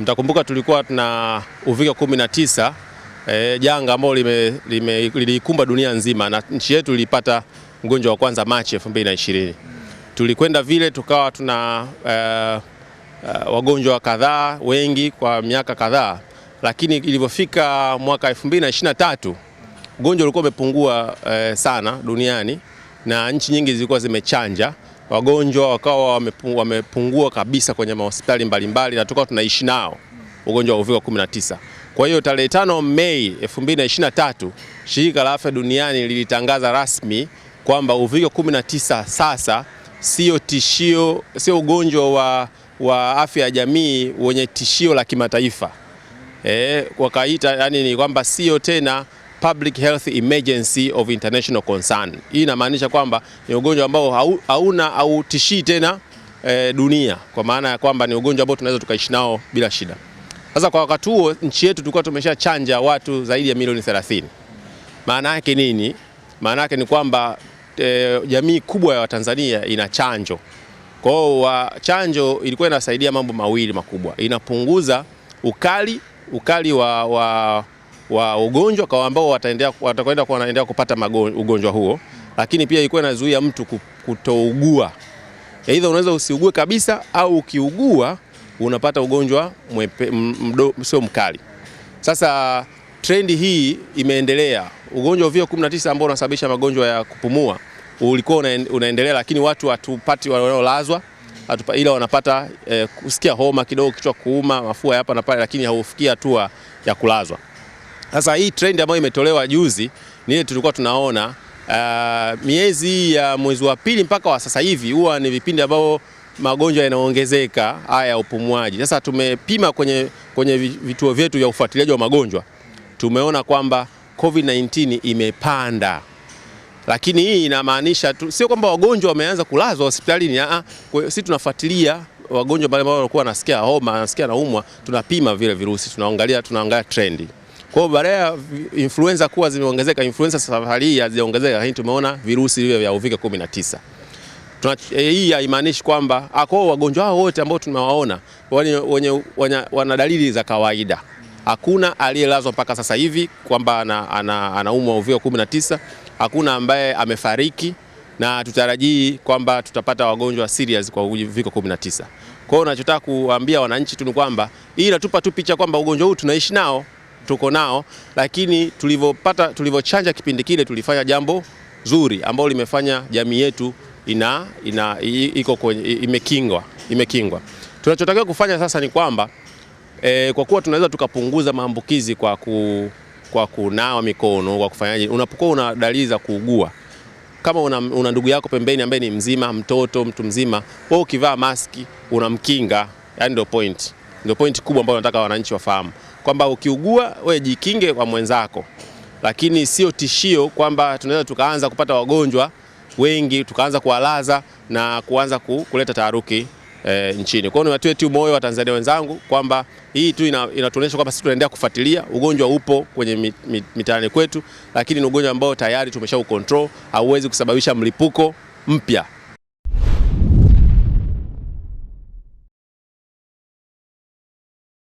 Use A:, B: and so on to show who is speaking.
A: Mtakumbuka tulikuwa tuna uviko 19 e, janga ambalo liliikumba dunia nzima na nchi yetu ilipata mgonjwa wa kwanza Machi 2020. Tulikwenda vile tukawa tuna e, e, wagonjwa kadhaa wengi kwa miaka kadhaa, lakini ilivyofika mwaka 2023 ugonjwa ulikuwa umepungua e, sana duniani na nchi nyingi zilikuwa zimechanja wagonjwa wakawa wamepungua kabisa kwenye mahospitali mbalimbali na tukawa tunaishi nao ugonjwa wa uviko 19. Kwa hiyo tarehe 5 Mei 2023 shirika la afya duniani lilitangaza rasmi kwamba uviko 19 sasa sio tishio, sio ugonjwa wa, wa afya ya jamii wenye tishio la kimataifa. E, wakaita yani ni kwamba sio tena public health emergency of international concern. Hii inamaanisha kwamba ni ugonjwa ambao hauna au tishii tena e, dunia kwa maana ya kwamba ni ugonjwa ambao tunaweza tukaishi nao bila shida. Sasa kwa wakati huo nchi yetu tulikuwa tumeshachanja watu zaidi ya milioni 30. Maana yake nini? Maana yake ni kwamba e, jamii kubwa ya Watanzania ina chanjo. Kwa hiyo chanjo ilikuwa inasaidia mambo mawili makubwa, inapunguza ukali ukali wa, wa wa ugonjwa kwa ambao wataendea watakwenda kuendelea kupata magonjwa, ugonjwa huo, lakini pia ilikuwa inazuia mtu kutougua. Aidha, unaweza usiugue kabisa au ukiugua unapata ugonjwa mwepe, mdo, sio mkali. Sasa trendi hii imeendelea. Ugonjwa wa uviko 19 ambao unasababisha magonjwa ya kupumua ulikuwa unaendelea, lakini watu hatupati wanaolazwa Atupa, ila wanapata eh, kusikia homa kidogo, kichwa kuuma, mafua hapa na pale, lakini haufikia hatua ya kulazwa. Sasa hii trend ambayo imetolewa juzi ni ile tulikuwa tunaona uh, miezi ya uh, mwezi wa pili mpaka wa sasa hivi huwa ni vipindi ambavyo magonjwa yanaongezeka haya ya upumuaji. Sasa tumepima kwenye, kwenye vituo vyetu vya ufuatiliaji wa magonjwa tumeona kwamba COVID-19 imepanda, lakini hii inamaanisha tu sio kwamba wagonjwa wameanza kulazwa hospitalini. Ah, ah, sisi tunafuatilia wagonjwa mbalimbali walikuwa wanasikia homa, wanasikia naumwa, tunapima vile virusi, tunaangalia tunaangalia trendi. Kwa hiyo baada ya influenza kuwa zimeongezeka, influenza safari hii hazijaongezeka, lakini tumeona virusi hivyo vya uviko 19. Tuna, eh, hii haimaanishi kwamba akao ah, wagonjwa hao wote ambao tunawaona wenye wana dalili za kawaida. Hakuna aliyelazwa mpaka sasa hivi kwamba anaumwa ana, ana uviko 19. Hakuna ambaye amefariki na tutarajii kwamba tutapata wagonjwa serious kwa uviko 19. Kwa hiyo nachotaka kuambia wananchi tu ni kwamba hii inatupa tu picha kwamba ugonjwa huu tunaishi nao tuko nao, lakini tulivyopata, tulivyochanja kipindi kile tulifanya jambo zuri ambalo limefanya jamii yetu ina, ina, iko kwenye, imekingwa, imekingwa. Tunachotakiwa kufanya sasa ni kwamba e, kwa kuwa tunaweza tukapunguza maambukizi kwa, ku, kwa kunawa mikono kwa kufanyaje, unapokuwa una dalili za kuugua kama una, una ndugu yako pembeni ambaye ni mzima, mtoto, mtu mzima, wewe ukivaa maski unamkinga, yani ndio point. Ndio pointi kubwa ambayo nataka wananchi wafahamu kwamba ukiugua wewe jikinge kwa mwenzako, lakini sio tishio kwamba tunaweza tukaanza kupata wagonjwa wengi tukaanza kuwalaza na kuanza kuleta taharuki e, nchini. Kwa hiyo niwatie tu moyo wa Tanzania wenzangu kwamba hii tu inatuonyesha kwamba sisi tunaendelea kufuatilia ugonjwa, upo kwenye mitaani kwetu, lakini ni ugonjwa ambao tayari tumeshau control, hauwezi kusababisha mlipuko mpya.